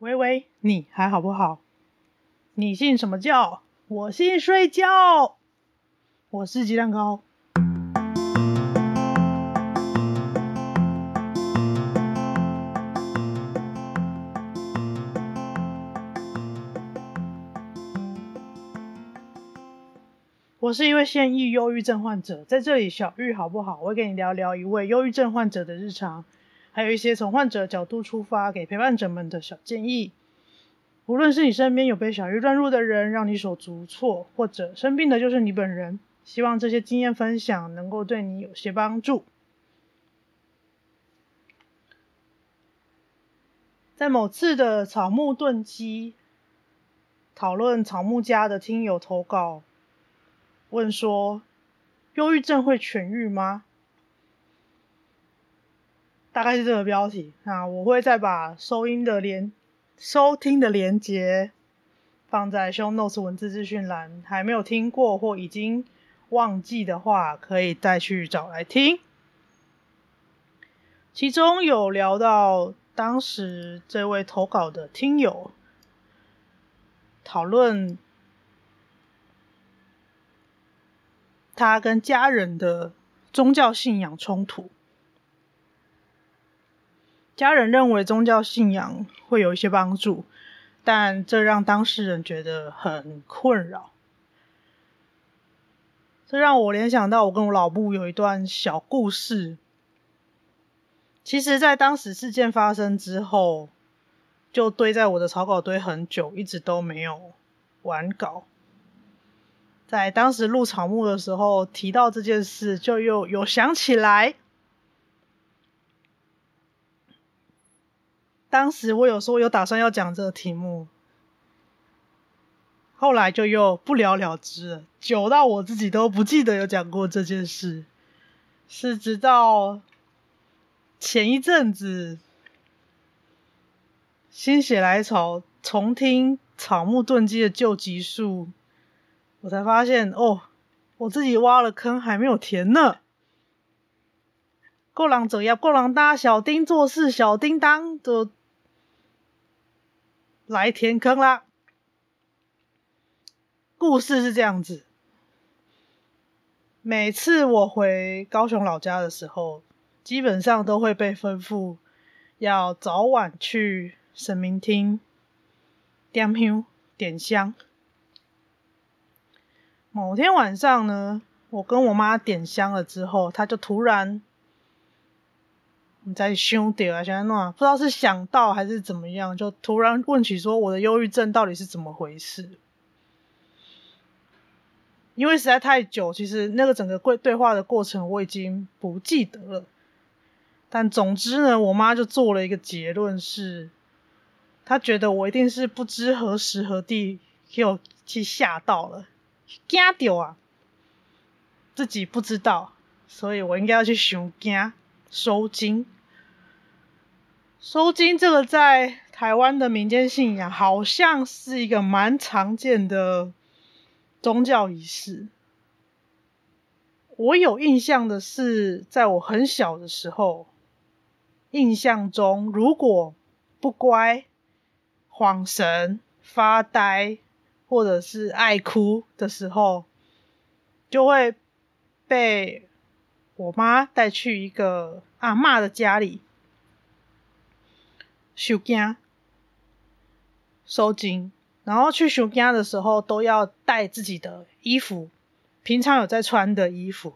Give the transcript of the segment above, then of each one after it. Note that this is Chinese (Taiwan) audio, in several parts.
喂喂，你還好不好？你信什麼教？我信睡覺。我是雞蛋糕。我是一位現役憂鬱症患者，在這裡小鬱好不好？我要跟你聊聊一位憂鬱症患者的日常。還有一些從患者角度出發，給陪伴者們的小建議，無論是你身邊有被小鬱亂入的人，讓你手足無措，或者生病的就是你本人，希望這些經驗分享能夠對你有些幫助。在某次的草木燉基討論草木家的聽友投稿，問說：憂鬱症會痊癒嗎？大概是這個標題，那我會再把收音的連，收聽的連接放在 show notes 文字資訊欄。還沒有聽過或已經忘記的話，可以再去找來聽。其中有聊到當時這位投稿的聽友，討論他跟家人的宗教信仰衝突。家人認為宗教信仰會有一些幫助，但這讓當事人覺得很困擾。這讓我聯想到我跟我老布有一段小故事。其實，在當時事件發生之後，就堆在我的草稿堆很久，一直都沒有完稿。在當時錄草木的時候提到這件事，就又有想起來。當時我有說我有打算要講這個題目，後來就又不了了之了，久到我自己都不記得有講過這件事。是直到前一陣子，心血來潮，重聽《草木燉機》的舊集數，我才發現哦，我自己挖了坑還沒有填呢。過廊走呀，過廊搭小叮做事，小叮當就。來填坑啦！故事是這樣子：每次我回高雄老家的時候，基本上都會被吩咐要早晚去神明廳點香。某天晚上呢，我跟我媽點香了之後，她就突然。在想點啊，現在弄啊，不知道是想到還是怎麼樣，就突然問起說我的憂鬱症到底是怎麼回事？因為實在太久，其實那個整個對對話的過程我已經不記得了。但總之呢，我媽就做了一個結論，是她覺得我一定是不知何時何地又去嚇到了，驚掉啊！自己不知道，所以我應該要去想驚收驚。收驚這個在台灣的民間信仰，好像是一個蠻常見的宗教儀式。我有印象的是，在我很小的時候，印象中如果不乖、恍神、發呆，或者是愛哭的時候，就會被我媽帶去一個阿嬤的家裡。收驚、收驚，然後去收驚的時候都要帶自己的衣服，平常有在穿的衣服。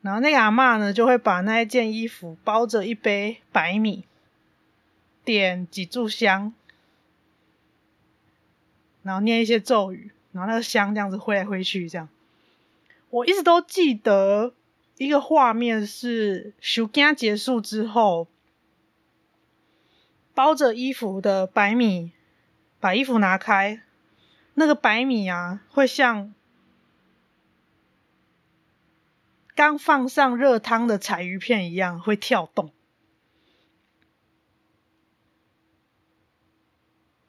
然後那個阿嬤呢，就會把那一件衣服包着一杯白米，點幾炷香，然後念一些咒語，然後那個香這樣子揮來揮去，這樣。我一直都記得一個畫面是收驚結束之後。包着衣服的白米，把衣服拿開，那個白米啊，會像剛放上熱湯的柴魚片一樣，會跳動，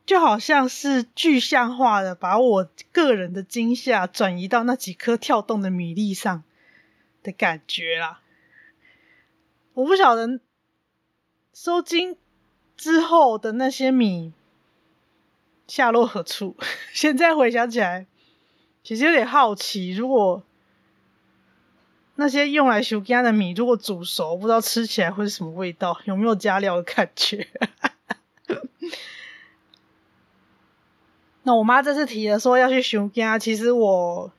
就好像是具象化的把我個人的驚嚇轉移到那幾顆跳動的米粒上的感覺啦。我不曉得收驚。之後的那些米下落何處？ 現在回想起來，其實有點好奇。如果那些用來收驚的米，如果煮熟，不知道吃起來會是什麼味道？有沒有加料的感覺？ 那我媽這次提了說要去收驚，其實我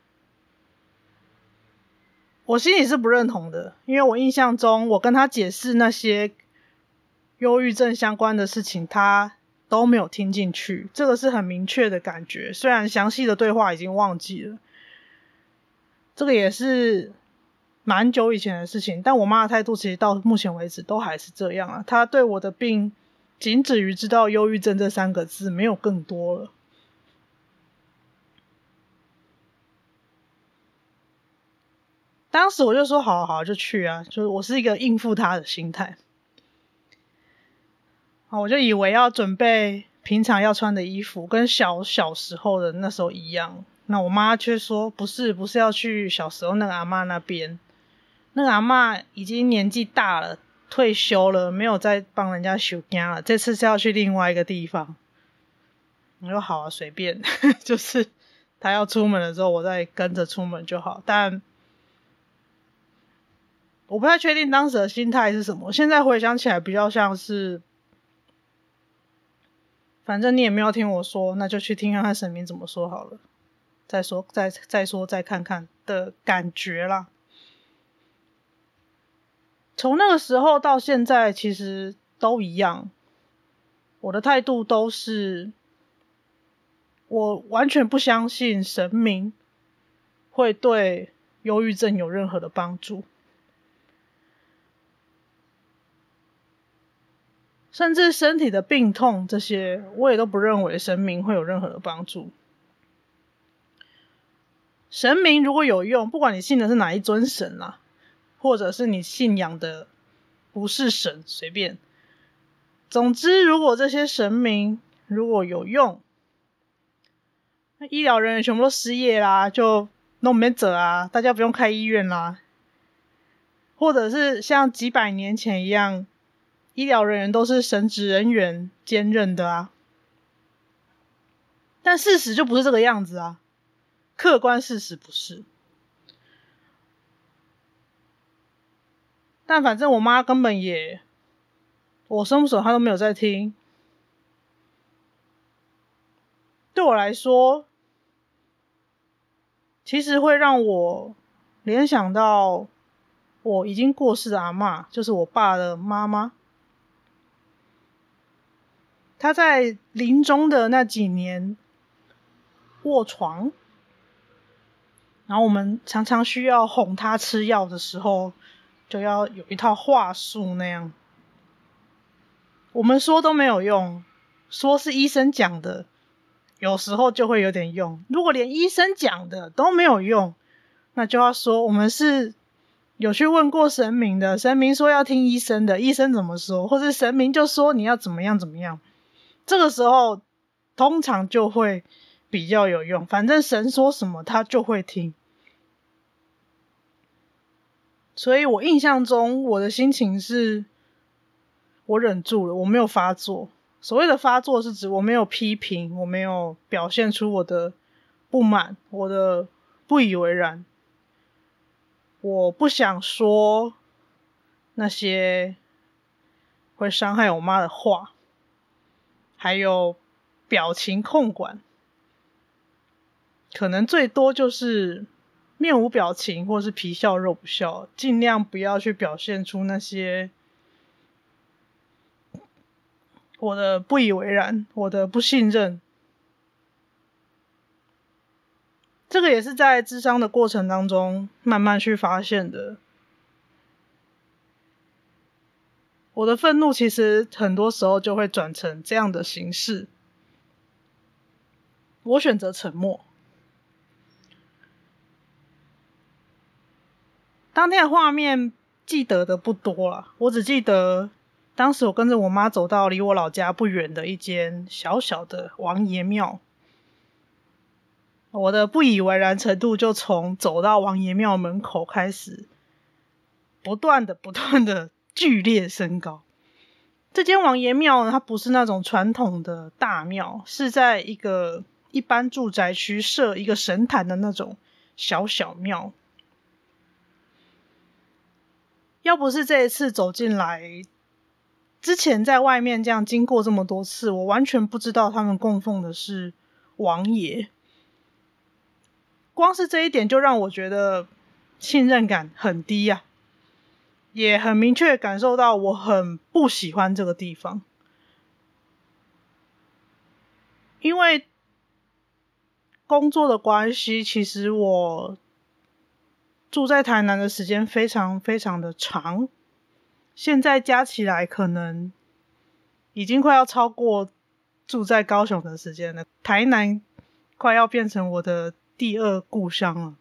我心裡是不認同的，因為我印象中我跟她解釋那些。憂鬱症相關的事情，他都沒有聽進去，這個是很明確的感覺。雖然詳細的對話已經忘記了，這個也是蠻久以前的事情。但我媽的態度，其實到目前為止都還是這樣啊。她對我的病，僅止於知道“憂鬱症”這三個字，沒有更多了。當時我就說：“好啊好啊，就去啊。”就是我是一個應付她的心態。我就以為要準備平常要穿的衣服，跟小小時候的那時候一樣。那我媽卻說不是，不是要去小時候那個阿嬤那邊，那個阿嬤已經年紀大了，退休了，沒有再幫人家收驚了。這次是要去另外一個地方。我說好啊，隨便， 就是他要出門的時候，我再跟着出門就好。但我不太確定當時的心態是什麼。我現在回想起來，比較像是。反正你也沒有聽我說，那就去聽看看神明怎麼說好了。再說，再再說，再看看的感覺啦。從那個時候到現在，其實都一樣，我的態度都是，我完全不相信神明會對憂鬱症有任何的幫助。甚至身體的病痛這些，我也都不認為神明會有任何的幫助。神明如果有用，不管你信的是哪一尊神啦、啊，或者是你信仰的不是神，隨便。總之，如果這些神明如果有用，那醫療人員全部都失業啦，就弄沒走啊！大家不用開醫院啦，或者是像幾百年前一樣。醫療人員都是神職人員兼任的啊，但事實就不是這個樣子啊，客觀事實不是。但反正我媽根本也，我伸手她都沒有在聽。對我來說，其實會讓我聯想到我已經過世的阿嬤，就是我爸的媽媽。他在臨終的那幾年臥床，然後我們常常需要哄他吃藥的時候，就要有一套話術那樣。我們說都沒有用，說是醫生講的，有時候就會有點用。如果連醫生講的都沒有用，那就要說我們是有去問過神明的，神明說要聽醫生的，醫生怎麼說，或是神明就說你要怎麼樣怎麼樣。這個時候，通常就會比較有用。反正神說什麼，他就會聽。所以我印象中，我的心情是，我忍住了，我沒有發作。所謂的發作是指我沒有批評，我沒有表現出我的不滿，我的不以為然。我不想說那些會傷害我媽的話。還有表情控管，可能最多就是面無表情，或是皮笑肉不笑，盡量不要去表現出那些我的不以為然，我的不信任。這個也是在諮商的過程當中慢慢去發現的。我的憤怒其實很多時候就會轉成這樣的形式。我選擇沉默。當天的畫面記得的不多了，我只記得當時我跟着我媽走到離我老家不遠的一間小小的王爺廟。我的不以為然程度就從走到王爺廟門口開始，不斷的、不斷的。劇烈升高。這間王爺廟呢，它不是那種傳統的大廟，是在一個一般住宅區設一個神壇的那種小小廟。要不是這一次走進來，之前在外面這樣經過這麼多次，我完全不知道他們供奉的是王爺。光是這一點就讓我覺得信任感很低呀、啊。也很明確感受到我很不喜歡這個地方，因為工作的關係，其實我住在台南的時間非常非常的長，現在加起來可能已經快要超過住在高雄的時間了。台南快要變成我的第二故鄉了。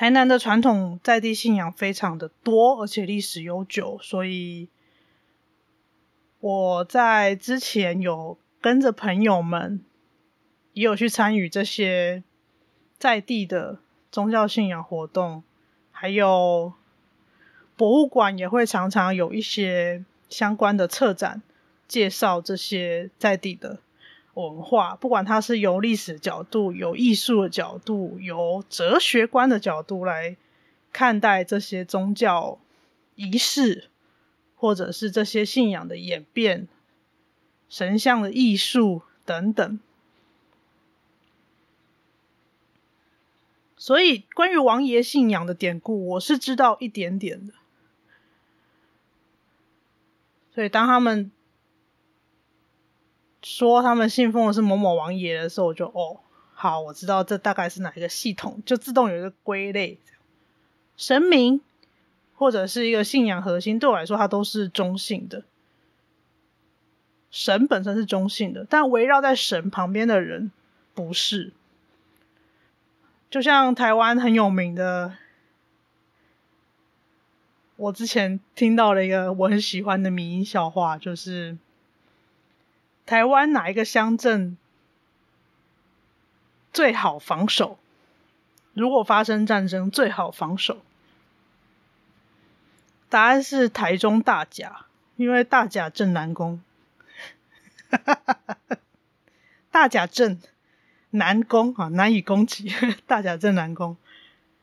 台南的傳統在地信仰非常的多，而且歷史悠久，所以我在之前有跟着朋友們，也有去參與這些在地的宗教信仰活動，還有博物館也會常常有一些相關的策展介紹這些在地的。文化，不管它是由歷史角度、由藝術的角度、由哲學觀的角度來看待這些宗教儀式，或者是這些信仰的演變、神像的藝術等等。所以，關於王爺信仰的典故，我是知道一點點的。所以當他們。說他們信奉的是某某王爺的時候，我就哦，好，我知道這大概是哪一個系統，就自動有一個歸類，這樣神明或者是一個信仰核心，對我來說它都是中性的。神本身是中性的，但圍繞在神旁邊的人不是。就像台灣很有名的，我之前聽到了一個我很喜歡的民間笑話，就是。台灣哪一個鄉鎮最好防守？如果發生戰爭，最好防守。答案是台中大甲，因為大甲鎮南宮 大甲鎮南宮啊，難以攻擊。大甲鎮南宮，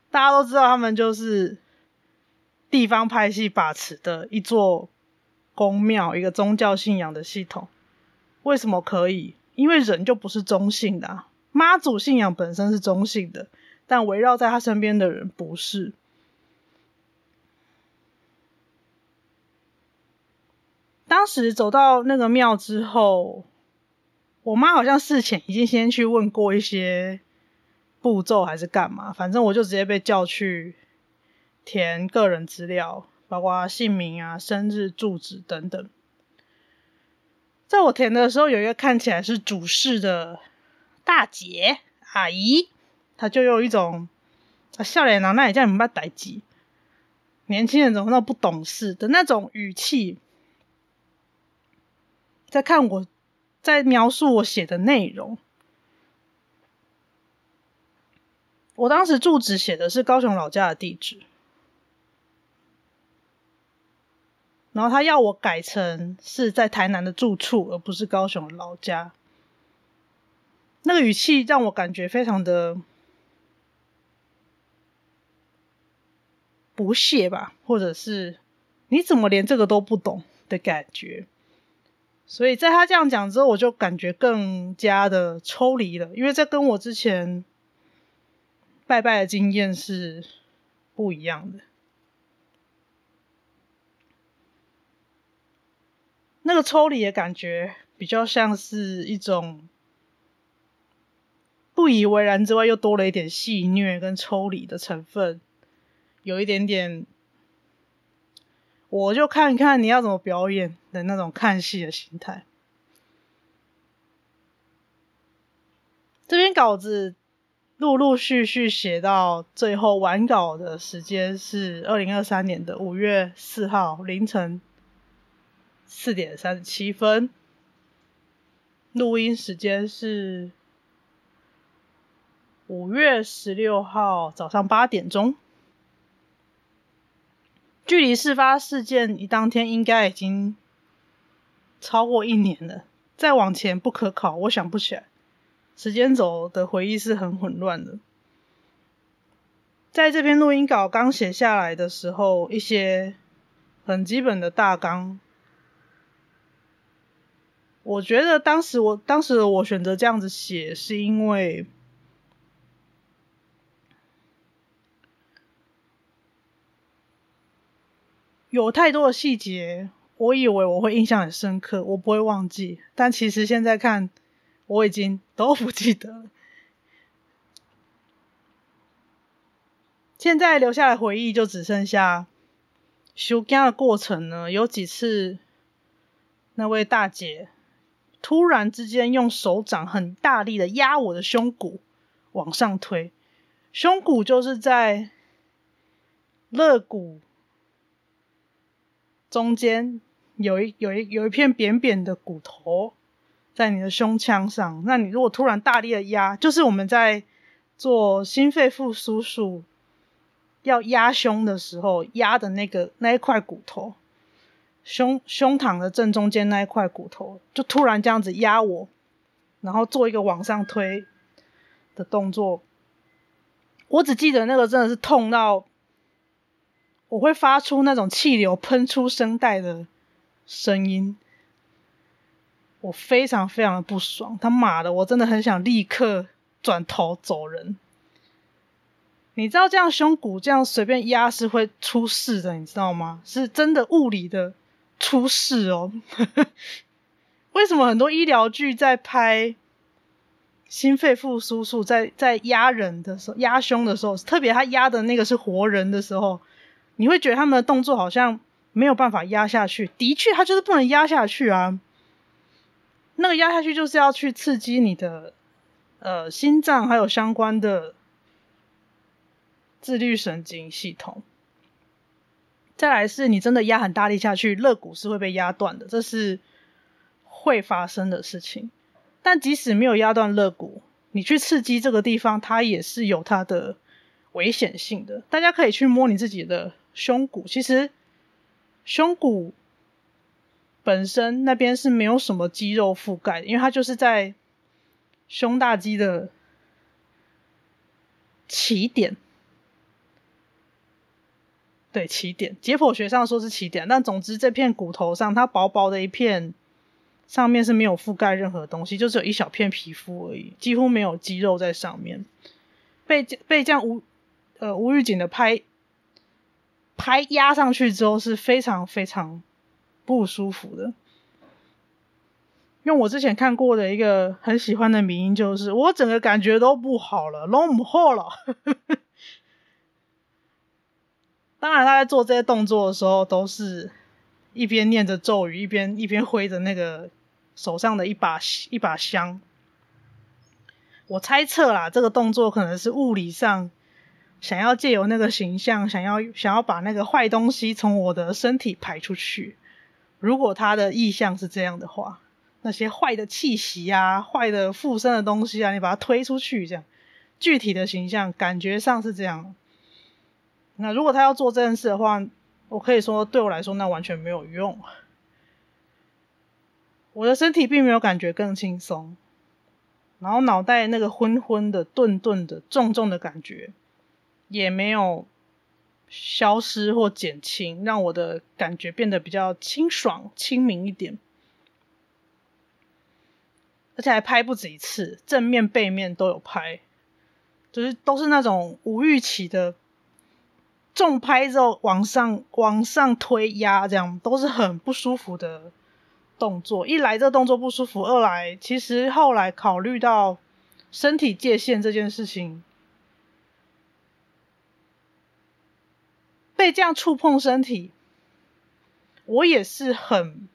大家都知道，他們就是地方派系把持的一座宮廟，一個宗教信仰的系統。為什麼可以？因為人就不是中性的啊。媽祖信仰本身是中性的，但圍繞在他身邊的人不是。當時走到那個廟之後，我媽好像事前已經先去問過一些步驟還是幹嘛，反正我就直接被叫去填個人資料，包括姓名啊、生日、住址等等。在我填的時候，有一個看起來是主事的大姐阿姨，她就用一種她笑臉囊，那也叫你們班呆滯，年輕人怎麼那麼不懂事的那種語氣，在看我在描述我寫的內容，我當時住址寫的是高雄老家的地址。然後他要我改成是在台南的住處，而不是高雄的老家。那個語氣讓我感覺非常的不屑吧，或者是你怎麼連這個都不懂的感覺。所以在他這樣講之後，我就感覺更加的抽離了，因為這跟我之前拜拜的經驗是不一樣的。那個抽離的感覺，比較像是一種不以為然之外，又多了一點戲謔跟抽離的成分，有一點點，我就看一看你要怎麼表演的那種看戲的心態。這篇稿子陸陸續續寫到最後完稿的時間是二零二三年的五月四號凌晨。四點三十七分，錄音時間是五月十六號早上八點鐘。距離事發事件一當天，應該已經超過一年了。再往前不可考，我想不起來。時間軸的回憶是很混亂的。在這篇錄音稿剛寫下來的時候，一些很基本的大綱。我覺得當時我，我當時我選擇這樣子寫，是因為有太多的細節，我以為我會印象很深刻，我不會忘記。但其實現在看，我已經都不記得了。現在留下的回憶就只剩下修腳的過程呢。有幾次，那位大姐。突然之間，用手掌很大力的壓我的胸骨往上推，胸骨就是在肋骨中間，有一有一有一片扁扁的骨頭在你的胸腔上。那你如果突然大力的壓，就是我們在做心肺復甦術要壓胸的時候壓的那個那一塊骨頭。胸胸膛的正中間那一塊骨頭，就突然這樣子壓我，然後做一個往上推的動作。我只記得那個真的是痛到我會發出那種氣流噴出聲帶的聲音。我非常非常的不爽，他媽的，我真的很想立刻轉頭走人。你知道這樣胸骨這樣隨便壓是會出事的，你知道嗎？是真的物理的。出事哦！ 為什麼很多醫療劇在拍心肺復甦術，在在壓人的時候壓胸的時候，特別他壓的那個是活人的時候，你會覺得他們的動作好像沒有辦法壓下去。的確，他就是不能壓下去啊。那個壓下去就是要去刺激你的呃心臟，還有相關的自律神經系統。再來是你真的壓很大力下去，肋骨是會被壓斷的，這是會發生的事情。但即使沒有壓斷肋骨，你去刺激這個地方，它也是有它的危險性的。大家可以去摸你自己的胸骨，其實胸骨本身那邊是沒有什麼肌肉覆蓋的，因為它就是在胸大肌的起點，對，起點。解剖學上說是起點，但總之這片骨頭上，它薄薄的一片，上面是沒有覆蓋任何東西，就只有一小片皮膚而已，幾乎沒有肌肉在上面。被被這樣無呃無預警的拍拍壓上去之後，是非常非常不舒服的。用我之前看過的一個很喜歡的名言就是：“我整個感覺都不好了，弄不好了。 ”當然，他在做這些動作的時候，都是一邊念着咒語，一邊一邊揮着那個手上的一把一把香。我猜測啦，這個動作可能是物理上想要借由那個形象，想要想要把那個壞東西從我的身體排出去。如果他的意向是這樣的話，那些壞的氣息啊、壞的附身的東西啊，你把它推出去這樣，具體的形象感覺上是這樣。那如果他要做這件事的話，我可以說對我來說，那完全沒有用。我的身體並沒有感覺更輕鬆，然後腦袋那個昏昏的、鈍鈍的、重重的感覺也沒有消失或減輕，讓我的感覺變得比較清爽、清明一點。而且還拍不止一次，正面、背面都有拍，就是都是那種無預期的。重拍之後往上往上推壓，這樣都是很不舒服的動作。一來這個動作不舒服，二來其實後來考慮到身體界限這件事情，被這樣觸碰身體，我也是很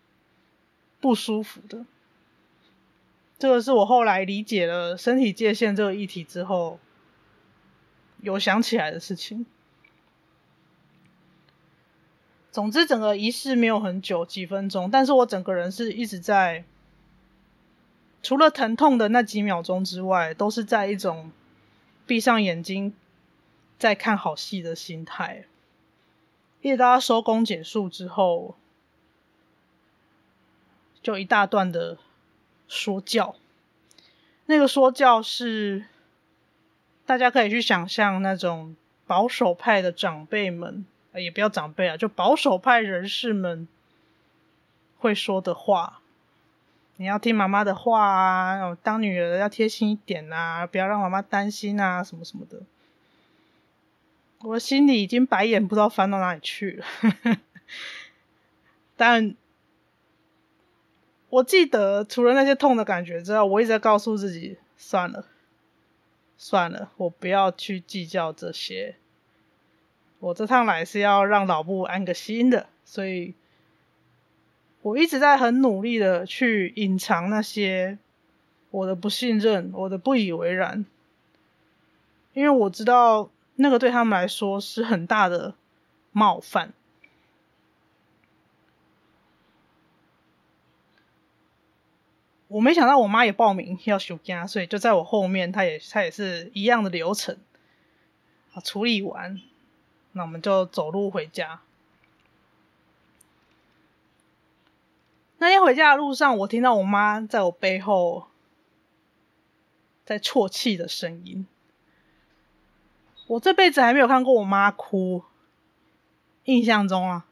不舒服的。這個是我後來理解了身體界限這個議題之後有想起來的事情。總之，整個儀式沒有很久，幾分鐘，但是我整個人是一直在，除了疼痛的那幾秒鐘之外，都是在一種閉上眼睛在看好戲的心態。一直到他收工結束之後，就一大段的說教。那個說教是，大家可以去想象那種保守派的長輩們。也不要長輩啊，就保守派人士們會說的話。你要聽媽媽的話啊，當女兒要貼心一點啊，不要讓媽媽擔心啊，什麼什麼的。我的心裡已經白眼不知道翻到哪裡去了。 但我記得，除了那些痛的感覺之外，我一直在告訴自己：算了，算了，我不要去計較這些。我這趟來是要讓老布安個心的，所以我一直在很努力的去隱藏那些我的不信任、我的不以為然，因為我知道那個對他們來說是很大的冒犯。我沒想到我媽也報名要收驚，所以就在我後面，她也她也是一樣的流程。好，處理完。那我們就走路回家。那天回家的路上，我聽到我媽在我背後，在啜泣的聲音。我這輩子還沒有看過我媽哭，印象中啊。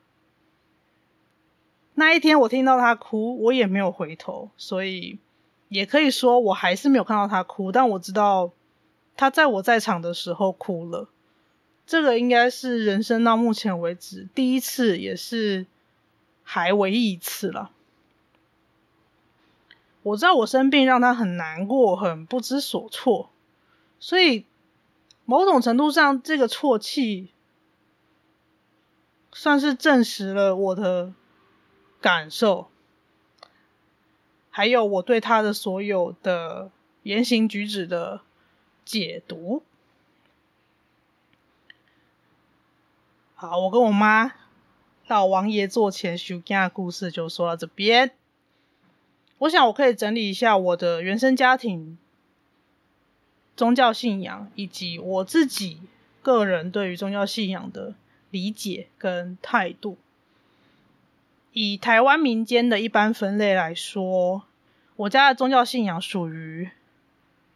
那一天我聽到她哭，我也沒有回頭，所以也可以說我還是沒有看到她哭。但我知道，她在我在場的時候哭了。這個應該是人生到目前為止第一次，也是還唯一一次了。我知道我生病讓他很難過，很不知所措，所以某種程度上，這個啜泣，算是證實了我的感受，還有我對他的所有的言行舉止的解讀。好，我跟我媽到王爺座前收驚的故事就說到這邊。我想我可以整理一下我的原生家庭、宗教信仰，以及我自己個人對於宗教信仰的理解跟態度。以台灣民間的一般分類來說，我家的宗教信仰屬於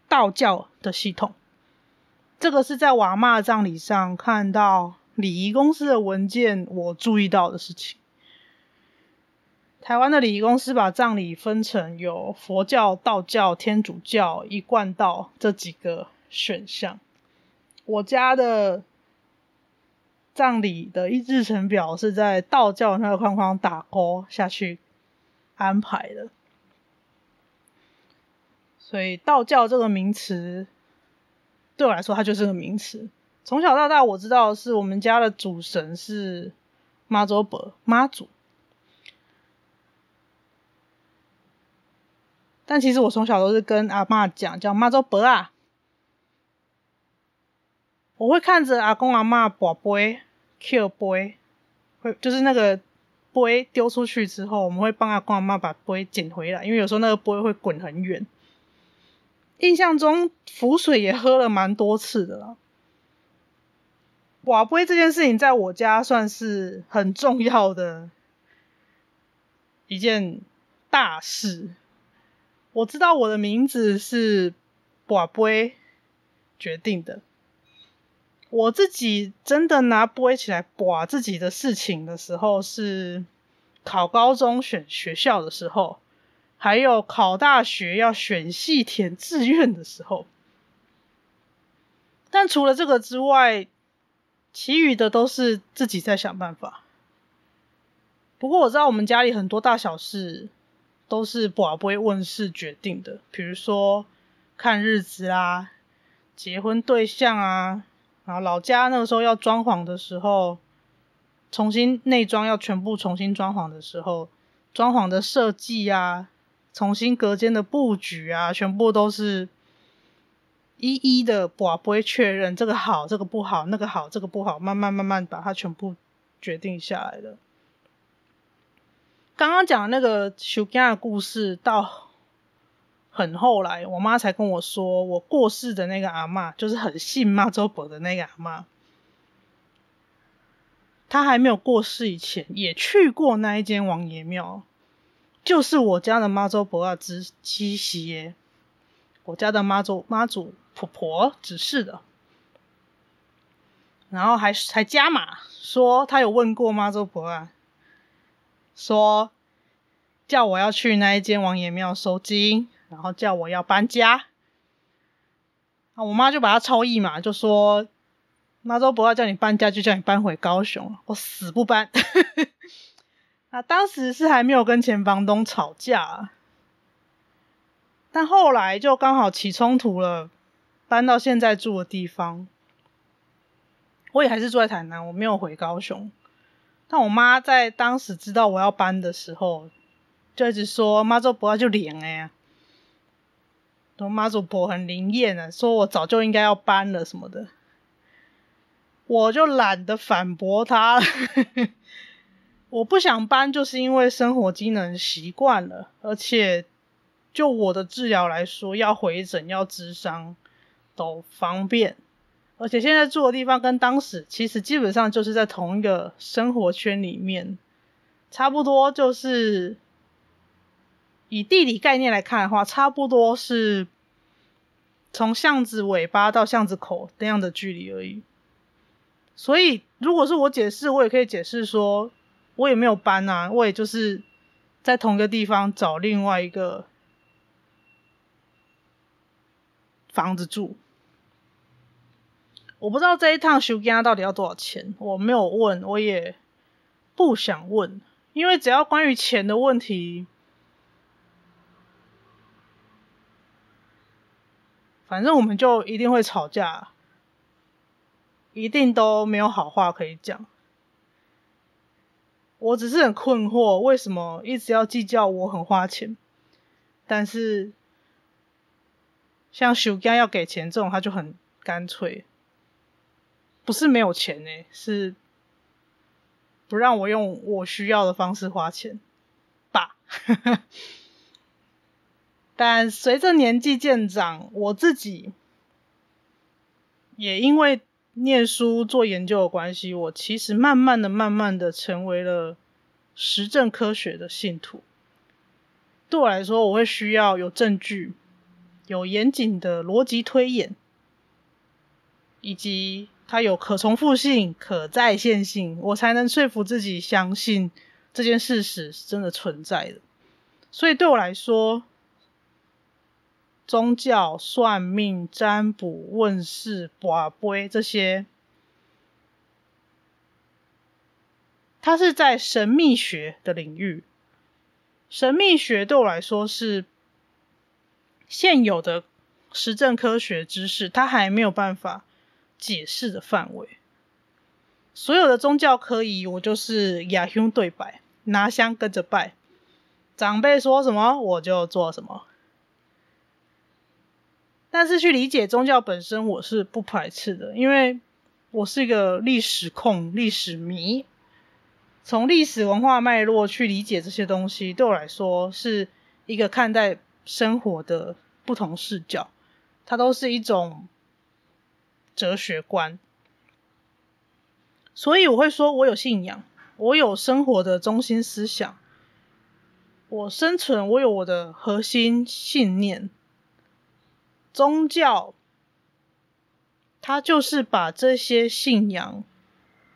道教的系統。這個是在我阿嬤的葬禮上看到禮儀公司的文件，我注意到的事情。台灣的禮儀公司把葬禮分成有佛教、道教、天主教、一貫道這幾個選項。我家的葬禮的一日程表是在道教那個框框打勾下去安排的，所以道教這個名詞對我來說，它就是個名詞。從小到大，我知道的是我們家的主神是媽祖伯媽祖，但其實我從小都是跟阿媽講，叫媽祖伯啊。我會看着阿公阿媽把杯、球杯，會，就是那個杯丟出去之後，我們會幫阿公阿媽把杯撿回來，因為有時候那個杯會滾很遠。印象中符水也喝了蠻多次的了。博杯這件事情在我家算是很重要的一件大事。我知道我的名字是博杯決定的。我自己真的拿杯起來博自己的事情的時候，是考高中選學校的時候，還有考大學要選系填志願的時候。但除了這個之外，其餘的都是自己在想辦法。不過我知道我們家裡很多大小事都是爸不會問事決定的，比如說看日子啊、結婚對象啊，然後老家那個時候要裝潢的時候，重新內裝要全部重新裝潢的時候，裝潢的設計啊、重新隔間的布局啊，全部都是。一一的不不會確認，這個好，這個不好，那個好，這個不好，慢慢慢慢把它全部決定下來的。剛剛講那個修吉亞的故事，到很後來，我媽才跟我說，我過世的那個阿嬤，就是很信媽祖婆的那個阿嬤，她還沒有過世以前，也去過那一間王爺廟，就是我家的媽祖婆之七耶，我家的媽祖媽祖，婆婆指示的，然後還還加碼說他有問過媽祖婆啊，說叫我要去那一間王爺廟收驚，然後叫我要搬家。啊，我媽就把他超譯嘛，就說媽祖婆啊叫你搬家，就叫你搬回高雄。我死不搬。 啊，當時是還沒有跟前房東吵架，啊，但後來就剛好起衝突了。搬到現在住的地方，我也還是住在台南，我沒有回高雄。但我媽在當時知道我要搬的時候，就一直說媽祖婆就靈，然說媽祖婆很靈驗的，說我早就應該要搬了什麼的，我就懶得反駁她。 我不想搬，就是因為生活機能習慣了，而且就我的治療來說，要回診，要諮商都方便，而且現在住的地方跟當時其實基本上就是在同一個生活圈裡面，差不多就是以地理概念來看的話，差不多是從巷子尾巴到巷子口這樣的距離而已。所以如果是我解釋，我也可以解釋說，我也沒有搬啊，我也就是在同一個地方找另外一個房子住。我不知道這一趟收驚，到底要多少錢，我沒有問，我也不想問，因為只要關於錢的問題，反正我們就一定會吵架，一定都沒有好話可以講。我只是很困惑，為什麼一直要計較我很花錢，但是像收驚要給錢這種，他就很乾脆。不是沒有錢呢、欸，是不讓我用我需要的方式花錢吧，爸。 但隨着年紀漸長，我自己也因為念書、做研究的關係，我其實慢慢的、慢慢的成為了實證科學的信徒。對我來說，我會需要有證據、有嚴謹的邏輯推演，以及。它有可重複性、可再現性，我才能說服自己相信這件事實是真的存在的。所以對我來說，宗教、算命、占卜、問事、博杯這些，它是在神秘學的領域。神秘學對我來說是現有的實證科學知識，它還沒有辦法解釋的範圍，所有的宗教科儀，我就是亞胸對拜，拿香跟着拜，長輩說什麼我就做什麼。但是去理解宗教本身，我是不排斥的，因為我是一個歷史控、歷史迷，從歷史文化脈絡去理解這些東西，對我來說是一個看待生活的不同視角，它都是一種。哲學觀，所以我會說，我有信仰，我有生活的中心思想，我生存，我有我的核心信念。宗教，它就是把這些信仰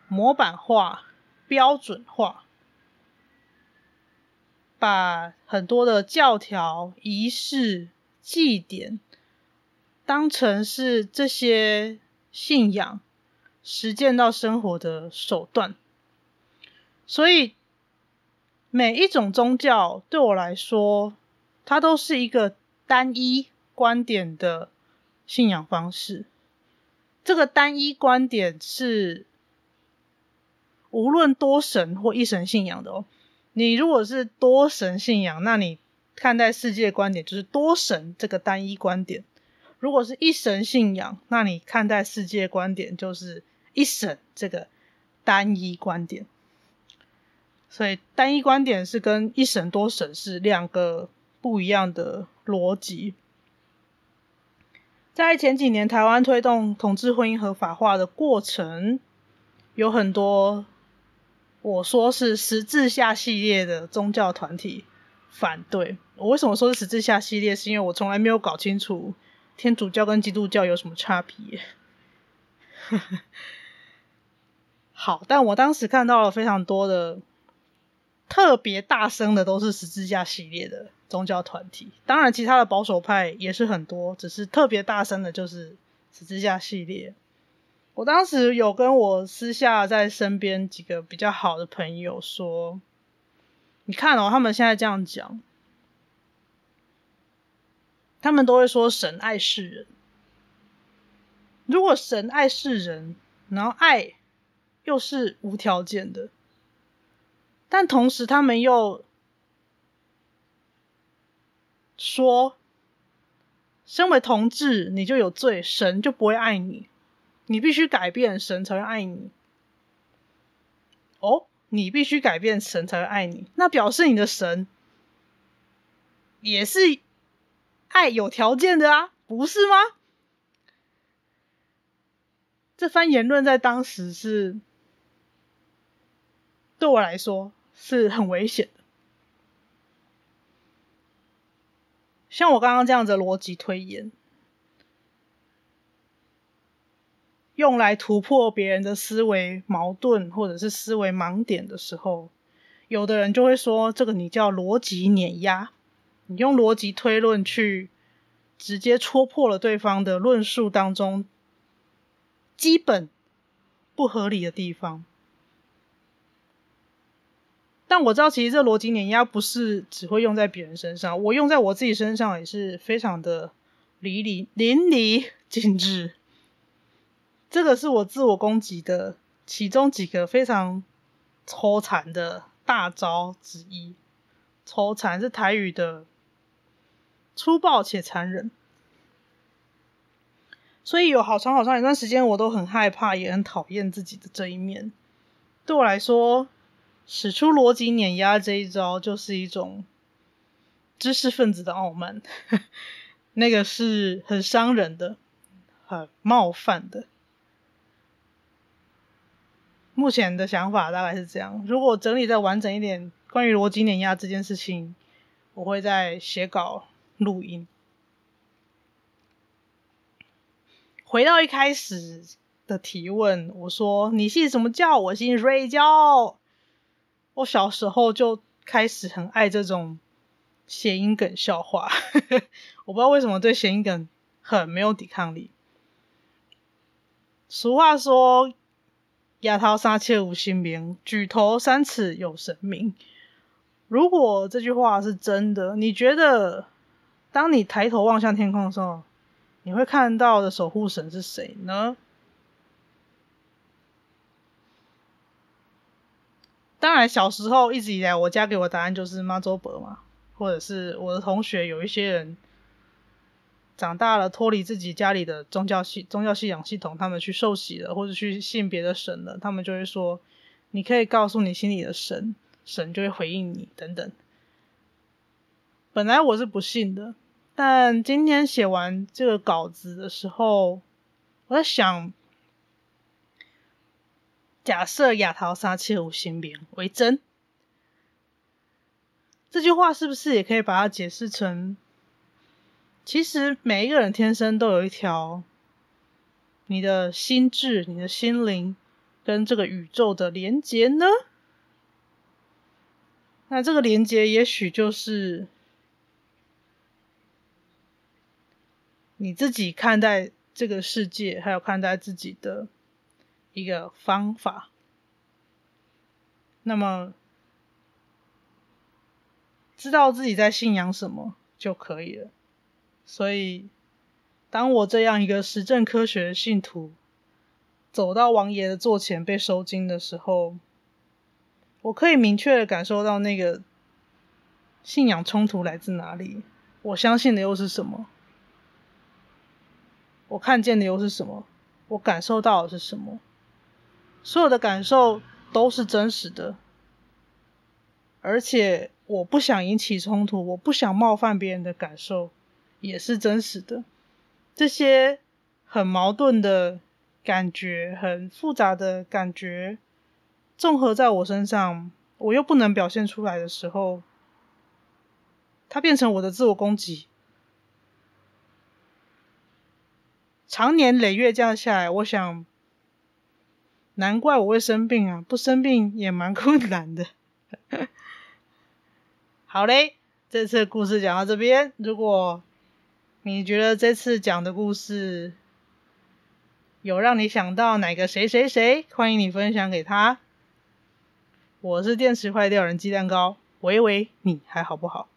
模板化、標準化，把很多的教條、儀式、祭典當成是這些。信仰實踐到生活的手段，所以每一種宗教對我來說，它都是一個單一觀點的信仰方式。這個單一觀點是無論多神或一神信仰的哦。你如果是多神信仰，那你看待世界觀點就是多神這個單一觀點。如果是一神信仰，那你看待世界觀點就是一神這個單一觀點。所以，單一觀點是跟一神多神是兩個不一樣的邏輯。在前幾年，台灣推動同志婚姻合法化的過程，有很多我說是十字架系列的宗教團體反對。我為什麼說是十字架系列？是因為我從來沒有搞清楚。天主教跟基督教有什麼差別？ 好，但我當時看到了非常多的特別大聲的都是十字架系列的宗教團體，當然其他的保守派也是很多，只是特別大聲的就是十字架系列。我當時有跟我私下在身邊幾個比較好的朋友說：“你看哦，他們現在這樣講。”他們都會說神愛世人。如果神愛世人，然後愛又是無條件的，但同時他們又說，身為同志你就有罪，神就不會愛你，你必須改變神才會愛你。哦，你必須改變神才會愛你，那表示你的神也是。哎，有條件的啊，不是嗎？這番言論在當時是對我來說是很危險的。像我剛剛這樣的邏輯推演，用來突破別人的思維矛盾或者是思維盲點的時候，有的人就會說：“這個你叫邏輯碾壓。”你用邏輯推論去直接戳破了對方的論述當中基本不合理的地方，但我知道其實這邏輯碾壓不是只會用在別人身上，我用在我自己身上也是非常的淋漓淋漓盡致。這個是我自我攻擊的其中幾個非常抽殘的大招之一，抽殘是台語的。粗暴且殘忍，所以有好長好長一段時間，我都很害怕，也很討厭自己的這一面。對我來說，使出邏輯碾壓這一招，就是一種知識分子的傲慢， 那個是很傷人的，很冒犯的。目前的想法大概是這樣。如果整理再完整一點，關於邏輯碾壓這件事情，我會再寫稿。錄音。回到一開始的提問，我說：“你信什麼教？我信睡覺。”我小時候就開始很愛這種諧音梗笑話， 我不知道為什麼對諧音梗很沒有抵抗力。俗話說：“夜濤三尺有神明，舉頭三尺有神明。”如果這句話是真的，你覺得？當你抬頭望向天空的時候，你會看到的守護神是誰呢？當然，小時候一直以來，我家給我的答案就是媽祖婆嘛，或者是我的同學有一些人長大了脫離自己家裡的宗教系宗教信仰系統，他們去受洗了，或者去信別的神了，他們就會說：“你可以告訴你心裡的神，神就會回應你。”等等。本來我是不信的。但今天寫完這個稿子的時候，我在想，假設亞陶沙切無心靈為真，這句話是不是也可以把它解釋成，其實每一個人天生都有一條，你的心智、你的心靈跟這個宇宙的連接呢？那這個連接也許就是。你自己看待這個世界，還有看待自己的一個方法，那麼知道自己在信仰什麼就可以了。所以，當我這樣一個實證科學的信徒走到王爺的座前被收驚的時候，我可以明確的感受到那個信仰衝突來自哪裡，我相信的又是什麼。我看見的又是什麼？我感受到的是什麼？所有的感受都是真實的，而且我不想引起衝突，我不想冒犯別人的感受，也是真實的。這些很矛盾的感覺，很複雜的感覺，綜合在我身上，我又不能表現出來的時候，它變成我的自我攻擊。常年累月這樣下來，我想，難怪我會生病啊！不生病也蠻困難的。 好嘞，這次故事講到這邊，如果你覺得這次講的故事有讓你想到哪個誰誰誰，歡迎你分享給他。我是電池壞掉人雞蛋糕，喂喂，你還好不好？